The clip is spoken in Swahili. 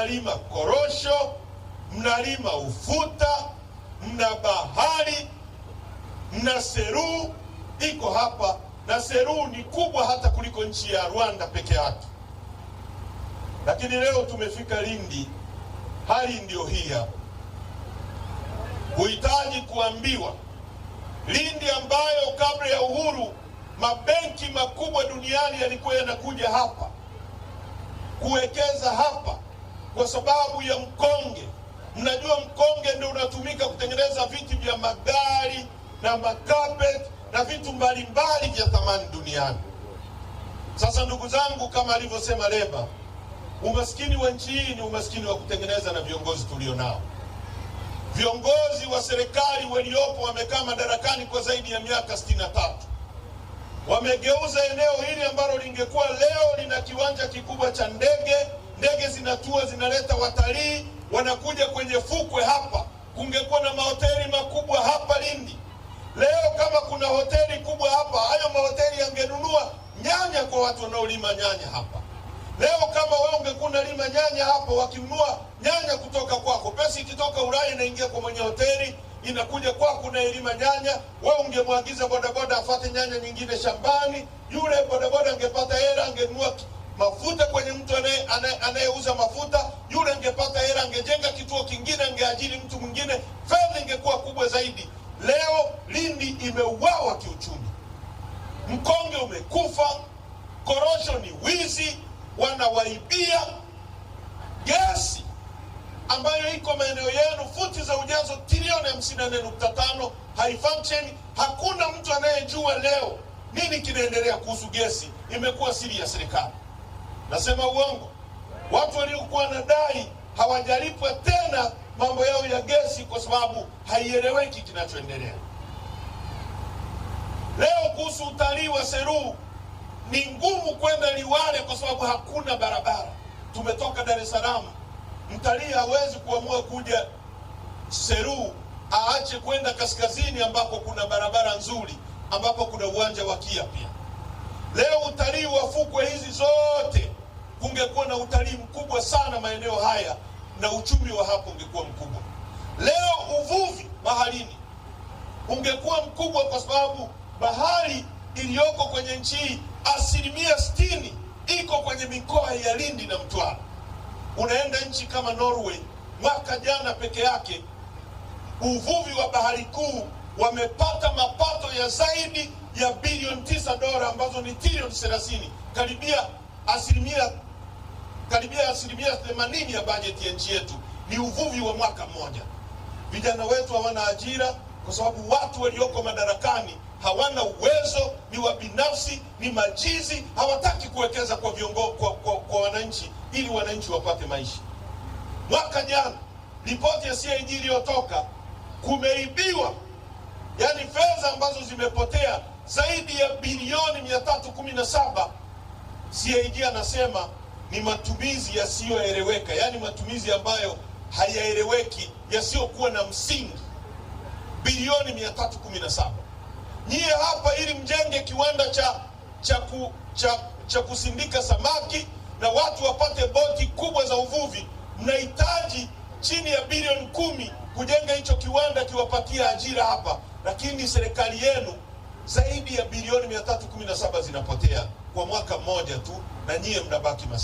mnalima korosho, mnalima ufuta, mna bahari, mna seruu iko hapa, na seruu ni kubwa hata kuliko nchi ya Rwanda peke yake. Lakini leo tumefika Lindi, hali ndiyo hii hapa. Huhitaji kuambiwa Lindi ambayo kabla ya uhuru mabenki makubwa duniani yalikuwa yanakuja hapa kuwekeza hapa kwa sababu ya mkonge. Mnajua mkonge ndio unatumika kutengeneza viti vya magari na makapet na vitu mbalimbali vya thamani duniani. Sasa ndugu zangu, kama alivyosema Leba, umaskini wa nchi hii ni umaskini wa kutengeneza na viongozi tulio nao. Viongozi wa serikali waliopo wamekaa madarakani kwa zaidi ya miaka sitini na tatu. Wamegeuza eneo hili ambalo lingekuwa leo lina kiwanja kikubwa cha ndege ndege zinatua zinaleta watalii wanakuja kwenye fukwe hapa. Kungekuwa na mahoteli makubwa hapa Lindi leo, kama kuna hoteli kubwa hapa, hayo mahoteli yangenunua nyanya kwa watu wanaolima nyanya hapa leo. Kama wewe ungekuwa unalima nyanya hapo, wakinunua nyanya kutoka kwako, pesa ikitoka Ulaya inaingia kwa mwenye hoteli inakuja kwako, unaelima nyanya wewe. Ungemwagiza bodaboda afate nyanya nyingine shambani, yule bodaboda angepata hela, angenunua mafuta kwenye mtu anayeuza mafuta yule, angepata hela, angejenga kituo kingine, angeajiri mtu mwingine, fedha ingekuwa kubwa zaidi. Leo Lindi imeuawa kiuchumi, mkonge umekufa, korosho ni wizi, wanawaibia gesi ambayo iko maeneo yenu futi za ujazo trilioni 54.5 haifunction. Hakuna mtu anayejua leo nini kinaendelea kuhusu gesi, imekuwa siri ya serikali. Nasema uongo? Watu waliokuwa wanadai hawajalipwa tena mambo yao ya gesi, kwa sababu haieleweki kinachoendelea leo. Kuhusu utalii wa Seru, ni ngumu kwenda Liwale kwa sababu hakuna barabara. Tumetoka Dar es Salaam, mtalii hawezi kuamua kuja Seru aache kwenda kaskazini ambapo kuna barabara nzuri, ambapo kuna uwanja wa KIA. Pia leo utalii wa fukwe hizi zote kungekuwa na utalii mkubwa sana maeneo haya na uchumi wa hapo ungekuwa mkubwa. Leo uvuvi baharini ungekuwa mkubwa, kwa sababu bahari iliyoko kwenye nchi hii asilimia sitini iko kwenye mikoa ya Lindi na Mtwara. Unaenda nchi kama Norway, mwaka jana peke yake uvuvi wa bahari kuu wamepata mapato ya zaidi ya bilioni tisa dola ambazo ni trilioni thelathini karibia asilimia karibia asilimia themanini ya bajeti ya nchi yetu ni uvuvi wa mwaka mmoja. Vijana wetu hawana ajira kwa sababu watu walioko madarakani hawana uwezo, ni wabinafsi, ni majizi, hawataki kuwekeza kwa viongozi, kwa, kwa, kwa wananchi ili wananchi wapate maisha. Mwaka jana ripoti ya CAG iliyotoka kumeibiwa, yani fedha ambazo zimepotea zaidi ya bilioni 317. CAG anasema ni matumizi yasiyoeleweka, yaani matumizi ambayo hayaeleweki yasiyokuwa na msingi, bilioni 317. Nyie hapa ili mjenge kiwanda cha cha, ku, cha cha kusindika samaki na watu wapate boti kubwa za uvuvi, mnahitaji chini ya bilioni kumi kujenga hicho kiwanda kiwapatia ajira hapa, lakini serikali yenu zaidi ya bilioni 317 zinapotea kwa mwaka mmoja tu, na nyie mnabaki masikini.